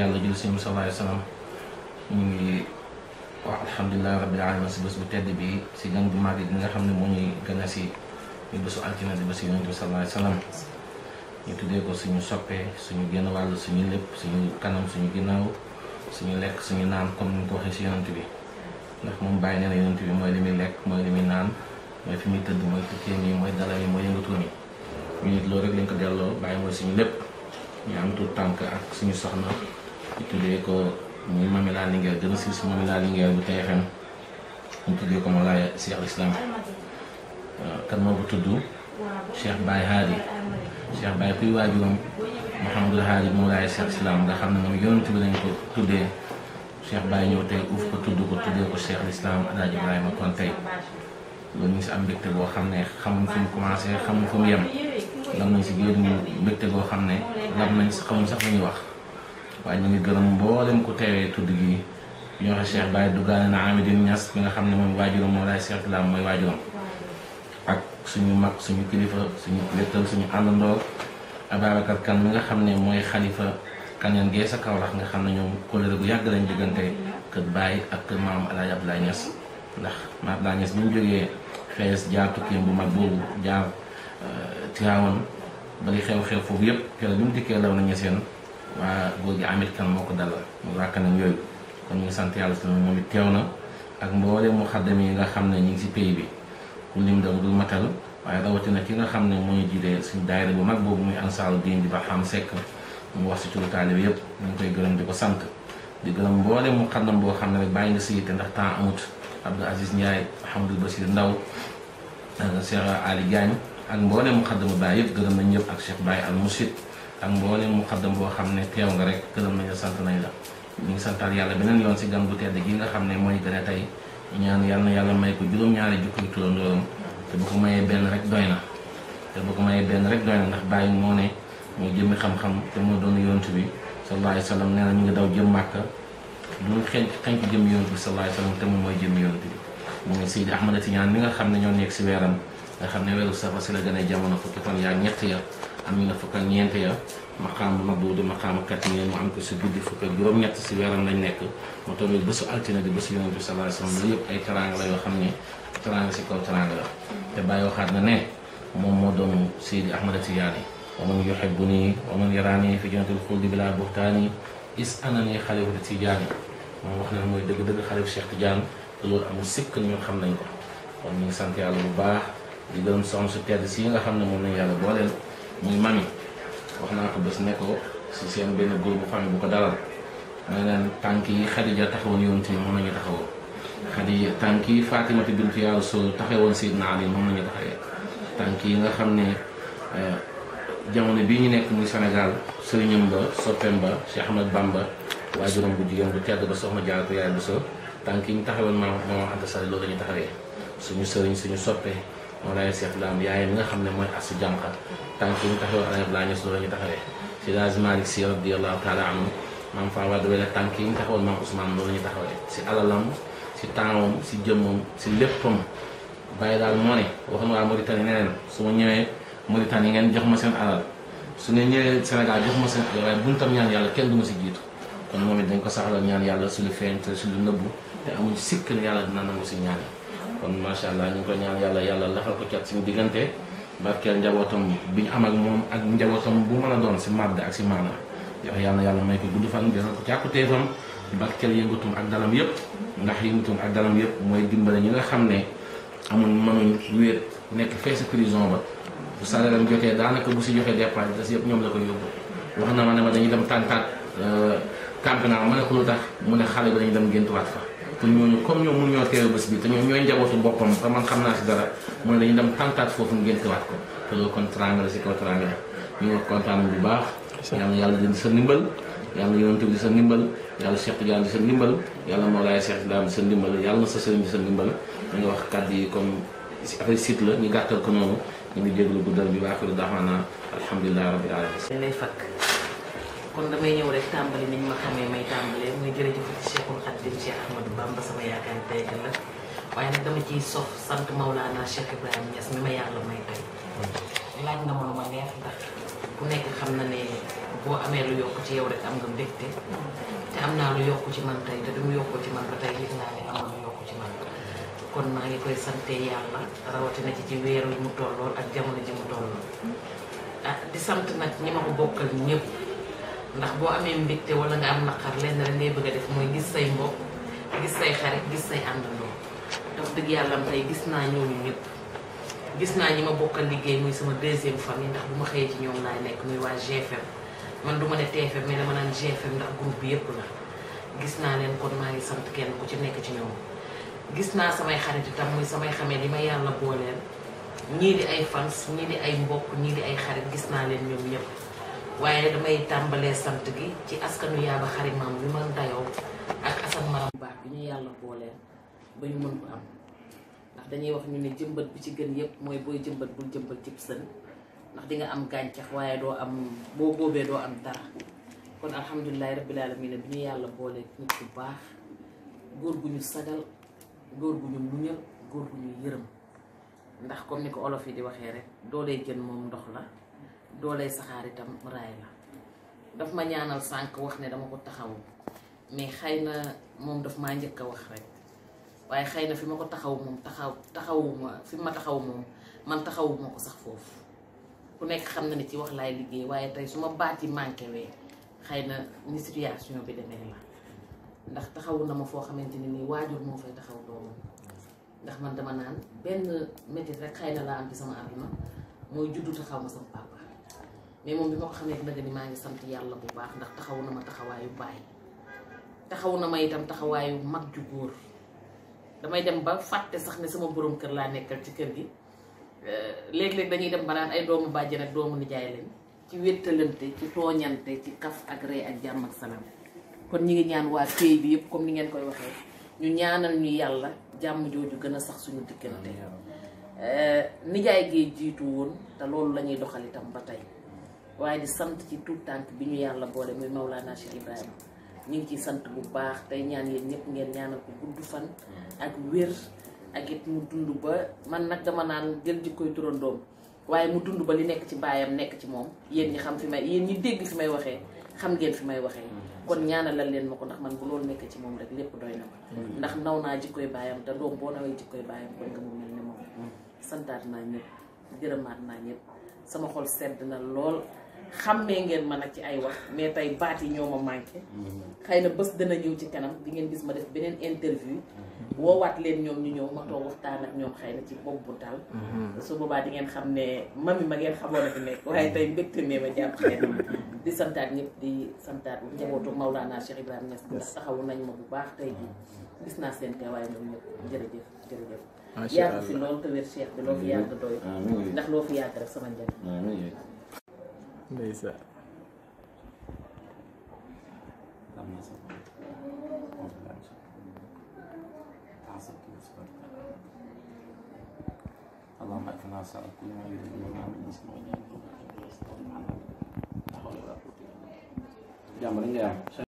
yàlla jël si Musaa alayhi salaam ñu ngi wax alhamdulilah rabbil alamin si bés bu tedd bi si gan bu màgg bi nga xam ne moo ñuy gën si ñu bésu altine di bésu yonent bi sallallahu alayhi salaam ñu tuddee ko suñu soppee suñu génn wàll suñu lépp suñu kanam suñu ginnaaw suñu lekk suñu naan comme ni ñu ko waxee si bi ndax moom bàyyi nee na bi mooy li muy lekk mooy li naan mooy fi muy tëdd mooy tukkee nii mooy dalal yi moo yëngatu nii ñu nit loolu rek lañ ko delloo bàyyi mooy suñu lépp ñu tànk ak suñu soxna tuddee ko muy Mamy La Linguère gën a siiw si Mamy La Linguère bu TFM mu tuddee ko Mawlaaya Cheikh al Islam euh, kan moo ko tudd Cheikh Baye Haadi Cheikh Baye kuy waajuram Mouhamadul Haadi Mawlaaya Cheikh al Islam nga xam ne moom yonent bi lañ ko tuddee Cheikh Baye ñëw tey uuf ko tudd ko tuddee ko Cheikh al Islam Alaaji Ibrahima kon tey loolu ñu ngi si am mbégte boo xam ne xamuñ fu mu commencé xamuñ fu mu yem si géej ñu boo xam ne lam nañ si xamuñ sax lu ñuy wax. waaye ñu ngi gërëm mboolem ku teewee tudd gi ñu waxee Cheikh Baye Dugaane na Amidine Niass bi nga xam ne moom waajuram moo laay Cheikh Lam mooy waajuram ak suñu mag suñu kilifa suñu léttal suñu àndandoor Ababacar Kan mi nga xam ne mooy xalifa kaneen gee sa Kaolack nga xam ne ñoom kóllëre gu yàgg lañ diggante kër Baye ak kër maam El Hadj Abdoulaye ndax maam Abdoulaye Niass bi ñu jógee fees jaar tukkeem bu mag boobu jaar euh, Tiwaawan ba xew-xew foofu yëpp keroog bi mu dikkee na ñeseen waa góor gi amit kan moo ko dalal mu rakkanam yooyu kon ñu sant yàlla si moom it teew na ak mboolem mu xaddam yi nga xam ne ñu ngi si pays bi ku lim daw du matal waaye rawatina ki nga xam ne mu ñu jiite suñu daayira bu mag boobu muy ansaaru diin bi ba xam sekk mu wax si turu taalibe yëpp nañ koy gërëm di ko sant di gërëm mboolem mu xaddam boo xam ne rek bàyyi nga si yitte ndax temps amut Abdou Aziz Ndiaye Mouhamadou Bassir Ndaw Cheikh Ali Diagne ak mboolem mu xaddam yëpp gërëm nañ ñëpp ak Cheikh Baye al Mousid ak mu muqaddam boo xam ne teew nga rek gërëm nañu sant nañ la ñu ngi santal yàlla beneen yoon si gan bu tedd gi nga xam ne mooy gën a tey ñaan yàlla na yàlla may ko juróom-ñaari jukki turandooram te benn rek doy na te bu ko mayee benn rek doy na ndax bàyyi moo ne muy jëmmi xam-xam te moo doon yonent bi sallallahu alayhi wa sallam nee na ñu ngi daw jëm màkka duñ xeñ xeñ ko jëm yonent bi sallallahu alayhi wa sallam te moom mooy jëmmi yonent bi mooy mi nga xam ne ñoo nekk si weeram nga xam ne weeru safa si la gën a jamono fukki fan yaa ñett ya am na fukk ak ñeent ya maqaam mabudu maqaam katmiya mu am ko si guddi fukk ak juróom-ñett si weeram lañ nekk moo tax bésu altine di bésu yonent bi sallallahu alayhi ay teraanga la yoo xam ne teraanga si kaw teraanga te bàyyi waxaat na ne moom moo doon Seydi Ahmada Tijaani wa man yuhibbuni wa man yaraani fi jannatil xuldi bilaa buhtaani is anani xalifa Tijaani moom wax na mooy dëgg-dëgg xale Cheikh Tidiane te loolu amul sikk ñun xam nañ ko kon ñu ngi yàlla bu baax di gërëm soxna su tedd si nga xam ne moom lañ yàlla booleel muy mami wax naa ko bés ne si seen benn góor bu famille bu ko dalal ma leen tànk yi Xadija taxawoon yoon ci moom la ñu tànk yi Faatimata bintu yaa Rasuul taxawoon Seydina Ali moom la ñu taxawee tànk yi nga xam ne euh, jamono bii ñu nekk muy senegal sëriñam ba soppeem ba Cheikh Ahmad Bamba waajuram bu jigéen bu tedd ba soxna Jaara ko yaay bu sa tànk yi ñu taxawoon maam maam Anta Sall loolu ñu taxawee suñu sëriñ suñu soppee Mawlaay Seex Islaam yaay mi nga xam ne mooy asu jànqa tànk yi ñu taxawoo Alaaji Abdoulaye Niass loolu la ñu taxawee Seydi Hadji Malick Sy radiyallahu taala anhu maam Fawa yi ñu taxawoon maam Ousmane loolu la ñu taxawee si alalam si tempsam si jëmmam si léppam bàyyi daal moo ne waxoon waa Mauritanie neneen su ma ñëwee Mauritanie ngeen jox ma seen alal su ngeen ñëwee Sénégal jox ma seen alal waaye buntam ñaan yàlla kenn du ma si jiitu kon moom it dañ ko saxalal ñaan yàlla su lu feeñ te su lu nëbbu te amuñ sikk ne yàlla dina nangu si ñaan kon macha allah ñu ngi ko ñaan yàlla yàlla lafal ko cat suñu diggante barkeel njabootam bi ñu am moom ak njabootam bu mën a doon si màdd ak si maana yow yàlla yàlla may ko gudd fan defal ko càkkuteefam barkeel yëngatum ak dalam yëpp ndax yëngatum ak dalam yëpp mooy dimbale ñi nga xam ne amul mënuñ wéer nekk fee si prison ba bu salaram jotee daanaka bu si joxee départ des ñoom la ko yóbbu wax na ma ne ma dañuy dem tàntaat euh, campement ma ne ko lu tax mu ne xale bi dañuy dem géntuwaat fa pour ñooñu comme ñoom mënuñoo teew bés bi te ñoom ñooy njabootu boppam te man xam naa si dara mu dañu dem tàntaat foofu ngéntewaat ko te loolu kon teraanga si kaw teraanga la ñu ngi kontaan bu baax yàlla na yàlla di sa ndimbal yàlla yonent bi di sa ndimbal yàlla Cheikh Tidiane di sa ndimbal yàlla Mawlaay Cheikh Ibrahima di sa ndimbal yàlla na sa sëriñ di sa ndimbal dañu wax kàddu yi comme ñu gàttal ko noonu ñu ngi jéglu guddal bi waaxiru daxaana alhamdulilah rabbil alamin kon damay ñëw rek tàmbali niñ ma xamee may Bamba sama yaakaar tey ëllëg waaye nag dama ciy sof sant Maulana Cheikh Ibrahima Niass mi ma yàlla may tey mm-hmm. laaj nga ma lu ma neex ndax ku nekk xam na ne boo amee lu yokk ci yow rek am nga mbégte te am naa lu yokk ci man mu yokk ci man ba tey na lu yokk ci man kon maa ngi koy sante yàlla rawatina ci ci weer wi mu tollool ak jamono ji mu tollool mm-hmm. ah di sant nag ñi ma ko bokkal ñëpp ndax boo amee mbégte wala nga am naqar lenn rek bëgg a def mooy gis say mbokk gis say xarit gis say àndandoo daf dëgg yàlla tay gis naa ñooñu ñëpp gis naa ñi ma bokkal liggéey muy sama deuxième famille ndax bu ma xëyee ci ñoom laay nekk muy waa GFM man du ma ne TFM mais dama naan GFM naa leen kon maa ngi sant kenn ko ci nekk ci ñoom gis naa samay xarit itam muy samay xamee li ma yàlla booleel ñii di ay fans ñii di ay mbokk ñii di ay xarit gis naa leen ñoom ñëpp waaye damay tàmbalee sant gi ci askanu yaaba xarit maam bi ma dayoo maram baax bi ñu yàlla booleel ba ñu mën ko am ndax dañuy wax ñu ne jëmbat bu ci gën yépp mooy booy jëmbat bul jëmbat cib ndax di nga am gàncax waaye doo am boo boobee doo am dara kon alhamdulilahi rabbil alamin bi ñu yàlla boole nit ku baax góor gu ñu sagal góor gu ñu muñal góor gu ñu yërëm ndax comme ni ko olof yi di waxee rek doolee jën moom ndox la doolee saxaar itam raay la daf ma ñaanal sànq wax ne dama ko taxawu mais xëy na moom dafa maa njëkk a wax rek waaye xëy na fi ma ko taxaw moom taxaw taxawuma fi ma taxaw moom man taxawuma ko sax foofu ku nekk xam na ne ci wax laay liggéey waaye tey su ma baati manqué wee xëy na ni situation bi demee la ndax taxawu na ma foo xamante ni nii waajur moo fay taxaw ndax man dama naan benn métit rek xëy na sama àdduna mooy juddu taxaw ma sama papa mais moom bi ma ko xamee ba ni maa ngi sant yàlla bu baax ndax taxawu na ma taxawaayu bàyyi. taxaw na ma itam taxawaayu mag ju góor damay dem ba fàtte sax ne sama borom kër laa nekkal ci kër gi euh, léeg-léeg dañuy dem ba ay doomu bàjjen ak doomu nijaay lañ ci wéttalante ci tooñante ci kaf ak ak jàmm salaam kon ñi ngi ñaan waa pays yëpp comme ni ngeen koy waxee ñu ñaanal ñu yàlla jàmm jooju gën a sax suñu diggante euh, nijaay gi jiitu woon te loolu la ñuy doxal itam ba tey waaye di sant ci tout tànk bi ñu yàlla boole muy Maulana Cheikh Ibrahima ñu ngi ciy sant bu baax tey ñaan yéen ñépp ngeen ñaanal ko gudd fan ak wér ak it mu dund ba man nag dama naan jël jikkoy turandoom waaye mu dund ba li nekk ci baayam nekk ci moom yéen ñi xam fi may yéen ñi dégg fi may waxee xam ngeen fi may waxee kon ñaanalal leen ma ko ndax man bu loolu nekk ci moom rek lépp doy na ma ndax naw naa jikkoy baayam te doom boo nawee jikkoy baayam kon nga mu mel ne moom santaat naa ñëpp gërëmaat naa ñëpp sama xol sedd na lool xam xàmmee ngeen man ak ci ay wax mais tey baat yi ñoo ma manqué. Mm-hmm. xëy na bés dana ñëw ci kanam di ngeen gis ma def beneen interview. Mm-hmm. woowaat leen ñoom ñu ñëw ma toog waxtaan ak ñoom xay na ci bopp bu dal. Mm-hmm. su boobaa di ngeen xam ne mami ma ngeen xamoon a fi nekk waaye tey mbégte mee ma jàpp xëy na di santaat ñëpp di santaat njabootu Maulana Cheikh Ibrahima Niass ndax nañ ma bu baax tey jii gis naa seen teewaay ñoom ñëpp jërëjëf jërëjëf. macha allah yàgg fi lool te wér Cheikh bi loo fi yàgg doy. ndax loo fi yàgg rek sama njëriñ. ndeysaan اللهم اكرمنا وسعد كل ما يريد الله من الناس وإياك وإياك وإياك وإياك وإياك وإياك